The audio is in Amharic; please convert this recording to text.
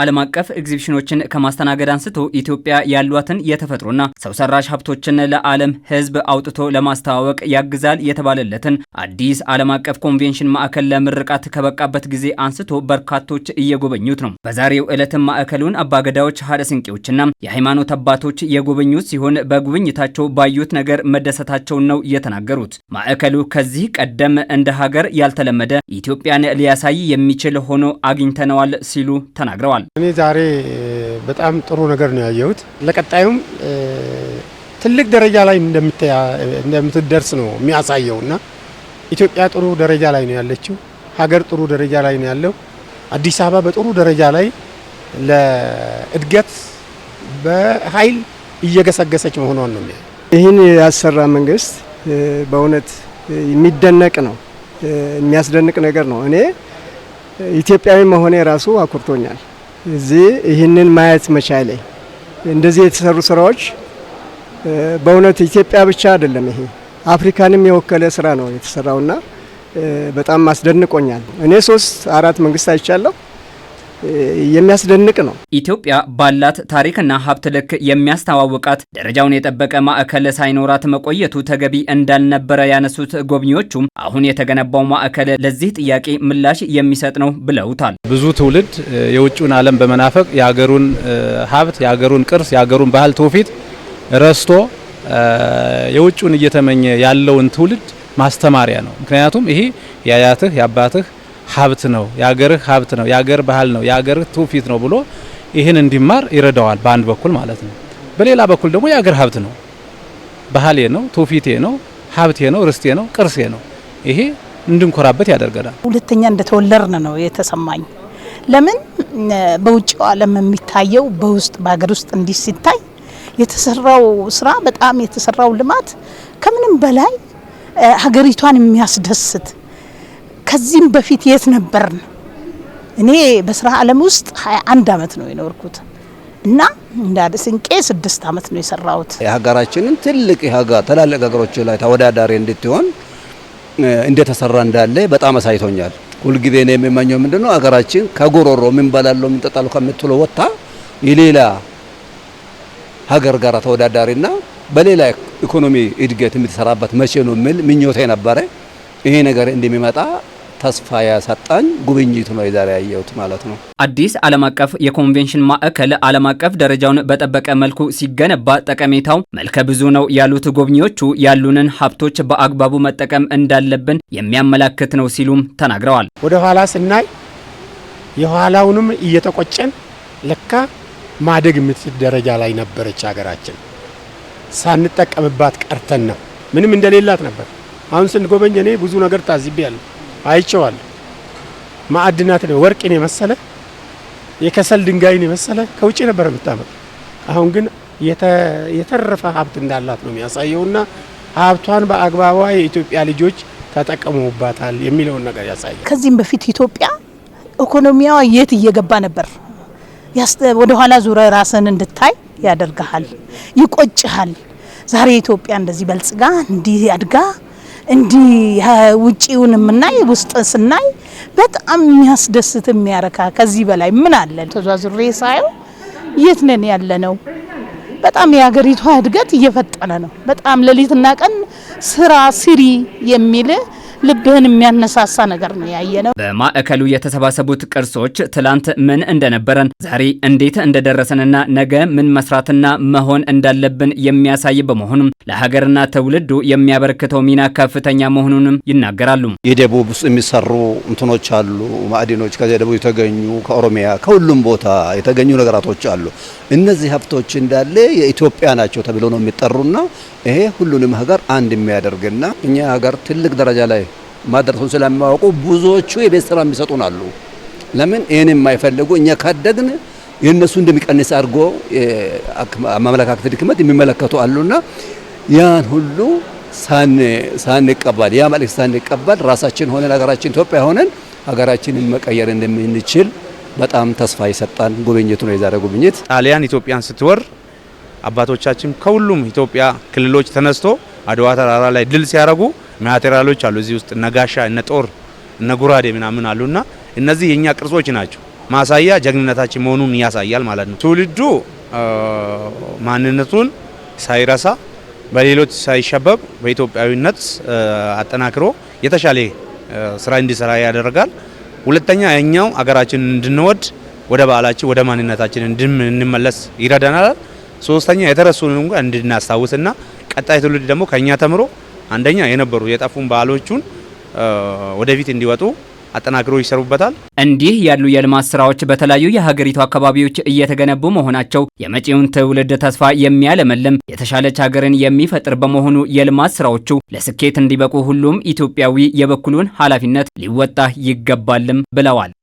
ዓለም አቀፍ ኤግዚቢሽኖችን ከማስተናገድ አንስቶ ኢትዮጵያ ያሏትን የተፈጥሮና ሰው ሰራሽ ሀብቶችን ለዓለም ሕዝብ አውጥቶ ለማስተዋወቅ ያግዛል የተባለለትን አዲስ ዓለም አቀፍ ኮንቬንሽን ማዕከል ለምርቃት ከበቃበት ጊዜ አንስቶ በርካቶች እየጎበኙት ነው። በዛሬው ዕለትም ማዕከሉን አባገዳዎች፣ ሀደ ስንቄዎችና የሃይማኖት አባቶች የጎበኙት ሲሆን በጉብኝታቸው ባዩት ነገር መደሰታቸውን ነው የተናገሩት። ማዕከሉ ከዚህ ቀደም እንደ ሀገር ያልተለመደ ኢትዮጵያን ሊያሳይ የሚችል ሆኖ አግኝተነዋል ሲሉ ተናግረዋል። እኔ ዛሬ በጣም ጥሩ ነገር ነው ያየሁት። ለቀጣዩም ትልቅ ደረጃ ላይ እንደምትደርስ ነው የሚያሳየው እና ኢትዮጵያ ጥሩ ደረጃ ላይ ነው ያለችው። ሀገር ጥሩ ደረጃ ላይ ነው ያለው። አዲስ አበባ በጥሩ ደረጃ ላይ ለእድገት በኃይል እየገሰገሰች መሆኗን ነው የሚያ ይህን ያሰራ መንግስት በእውነት የሚደነቅ ነው፣ የሚያስደንቅ ነገር ነው። እኔ ኢትዮጵያዊ መሆኔ ራሱ አኩርቶኛል። እዚህ ይህንን ማየት መቻሌ እንደዚህ የተሰሩ ስራዎች በእውነት ኢትዮጵያ ብቻ አይደለም፣ ይሄ አፍሪካንም የወከለ ስራ ነው የተሰራውና በጣም አስደንቆኛል። እኔ ሶስት አራት መንግስት አይቻለሁ። የሚያስደንቅ ነው። ኢትዮጵያ ባላት ታሪክና ሀብት ልክ የሚያስተዋውቃት ደረጃውን የጠበቀ ማዕከል ሳይኖራት መቆየቱ ተገቢ እንዳልነበረ ያነሱት ጎብኚዎቹም አሁን የተገነባው ማዕከል ለዚህ ጥያቄ ምላሽ የሚሰጥ ነው ብለውታል። ብዙ ትውልድ የውጭውን ዓለም በመናፈቅ የሀገሩን ሀብት፣ የአገሩን ቅርስ፣ የሀገሩን ባህል ትውፊት ረስቶ የውጭውን እየተመኘ ያለውን ትውልድ ማስተማሪያ ነው። ምክንያቱም ይሄ የአያትህ የአባትህ ሀብት ነው፣ የአገርህ ሀብት ነው፣ የአገር ባህል ነው፣ የአገርህ ትውፊት ነው ብሎ ይህን እንዲማር ይረዳዋል። በአንድ በኩል ማለት ነው። በሌላ በኩል ደግሞ የአገር ሀብት ነው፣ ባህሌ ነው፣ ትውፊቴ ነው፣ ሀብቴ ነው፣ ርስቴ ነው፣ ቅርሴ ነው። ይሄ እንድንኮራበት ያደርገናል። ሁለተኛ እንደተወለድን ነው የተሰማኝ። ለምን በውጭው ዓለም የሚታየው በውስጥ በሀገር ውስጥ እንዲህ ሲታይ የተሰራው ስራ በጣም የተሰራው ልማት ከምንም በላይ ሀገሪቷን የሚያስደስት ከዚህም በፊት የት ነበርን? እኔ በስራ ዓለም ውስጥ 21 ዓመት ነው የኖርኩት እና እንደ ስንቄ ስድስት ዓመት ነው የሰራሁት። የሀገራችንን ትልቅ የሀጋ ትላልቅ ሀገሮች ላይ ተወዳዳሪ እንድትሆን እንደተሰራ እንዳለ በጣም አሳይቶኛል። ሁልጊዜ ነው የሚመኘው ነው ሀገራችን ከጎሮሮ ምን በላለው ምን ጠጣለው ከምትሎ ወጥታ የሌላ ሀገር ጋር ተወዳዳሪና በሌላ ኢኮኖሚ እድገት የምትሰራበት መቼ ነው የሚል ምኞቴ ነበረ። ይሄ ነገር እንደሚመጣ ተስፋ ያሳጣኝ ጉብኝቱ ነው የዛሬ ያየሁት ማለት ነው። አዲስ ዓለም አቀፍ የኮንቬንሽን ማዕከል ዓለም አቀፍ ደረጃውን በጠበቀ መልኩ ሲገነባ ጠቀሜታው መልከ ብዙ ነው ያሉት ጎብኚዎቹ ያሉንን ሀብቶች በአግባቡ መጠቀም እንዳለብን የሚያመላክት ነው ሲሉም ተናግረዋል። ወደ ኋላ ስናይ የኋላውንም እየተቆጨን ለካ ማደግ የምትችል ደረጃ ላይ ነበረች ሀገራችን፣ ሳንጠቀምባት ቀርተን ነው ምንም እንደሌላት ነበር። አሁን ስንጎበኝ እኔ ብዙ ነገር ታዝቤ ያለሁ አይቼዋለሁ። ማዕድናትን ወርቅን የመሰለ የከሰል ድንጋይን የመሰለ ከውጭ ነበር የምታመጣ። አሁን ግን የተረፈ ሀብት እንዳላት ነው የሚያሳየውና ሀብቷን በአግባቧ የኢትዮጵያ ልጆች ተጠቀሙባታል የሚለውን ነገር ያሳያል። ከዚህም በፊት ኢትዮጵያ ኢኮኖሚያዋ የት እየገባ ነበር? ወደ ኋላ ዙረ ራስን እንድታይ ያደርግሃል፣ ይቆጭሃል። ዛሬ ኢትዮጵያ እንደዚህ በልጽጋ እንዲህ አድጋ እንዲህ ውጪውን የምናይ ውስጥ ስናይ በጣም የሚያስደስት የሚያረካ ከዚህ በላይ ምን አለ? ተዟዙሬ ሳየው የት ነን ያለ ነው። በጣም የሀገሪቷ እድገት እየፈጠነ ነው። በጣም ሌሊትና ቀን ስራ ስሪ የሚል ልብህን የሚያነሳሳ ነገር ነው ነው። በማዕከሉ የተሰባሰቡት ቅርሶች ትላንት ምን እንደነበረን ዛሬ እንዴት እንደደረሰንና ነገ ምን መስራትና መሆን እንዳለብን የሚያሳይ በመሆኑም ለሀገርና ትውልዱ የሚያበረክተው ሚና ከፍተኛ መሆኑንም ይናገራሉ። የደቡብ ውስጥ የሚሰሩ እንትኖች አሉ፣ ማዕድኖች ከዚያ ደቡብ የተገኙ ከኦሮሚያ ከሁሉም ቦታ የተገኙ ነገራቶች አሉ። እነዚህ ሀብቶች እንዳለ የኢትዮጵያ ናቸው ተብሎ ነው የሚጠሩና ይሄ ሁሉንም ሀገር አንድ የሚያደርግና እኛ ሀገር ትልቅ ደረጃ ላይ ማድረሱን ስለማያውቁ ብዙዎቹ የቤት ስራ የሚሰጡን አሉ። ለምን ይህን የማይፈልጉ እኛ ካደግን የእነሱ እንደሚቀንስ አድርጎ አመለካከት ድክመት የሚመለከቱ አሉና ያን ሁሉ ሳንቀበል ያ መልእክት ሳንቀበል ራሳችን ሆነን ሀገራችን ኢትዮጵያ ሆነን ሀገራችንን መቀየር እንደምንችል በጣም ተስፋ ይሰጣል። ጉብኝቱ ነው የዛሬ ጉብኝት። ጣሊያን ኢትዮጵያን ስትወር አባቶቻችን ከሁሉም ኢትዮጵያ ክልሎች ተነስቶ አድዋ ተራራ ላይ ድል ሲያደርጉ ማቴሪያሎች አሉ እዚህ ውስጥ ነጋሻ፣ ጋሻ እነ ጦር እነ ጉራዴ ምናምን አሉና እነዚህ የኛ ቅርጾች ናቸው። ማሳያ ጀግንነታችን መሆኑን ያሳያል ማለት ነው። ትውልዱ ማንነቱን ሳይረሳ በሌሎች ሳይሸበብ በኢትዮጵያዊነት አጠናክሮ የተሻለ ስራ እንዲሰራ ያደርጋል። ሁለተኛ የኛው አገራችን እንድንወድ ወደ ባህላችን ወደ ማንነታችን እንድንመለስ ይረዳናል። ሶስተኛ የተረሱን እንኳን እንድናስታውስና ቀጣይ ትውልድ ደግሞ ከኛ ተምሮ አንደኛ የነበሩ የጠፉን ባህሎቹን ወደፊት እንዲወጡ አጠናክሮ ይሰሩበታል። እንዲህ ያሉ የልማት ስራዎች በተለያዩ የሀገሪቱ አካባቢዎች እየተገነቡ መሆናቸው የመጪውን ትውልድ ተስፋ የሚያለመልም የተሻለች ሀገርን የሚፈጥር በመሆኑ የልማት ስራዎቹ ለስኬት እንዲበቁ ሁሉም ኢትዮጵያዊ የበኩሉን ኃላፊነት ሊወጣ ይገባልም ብለዋል።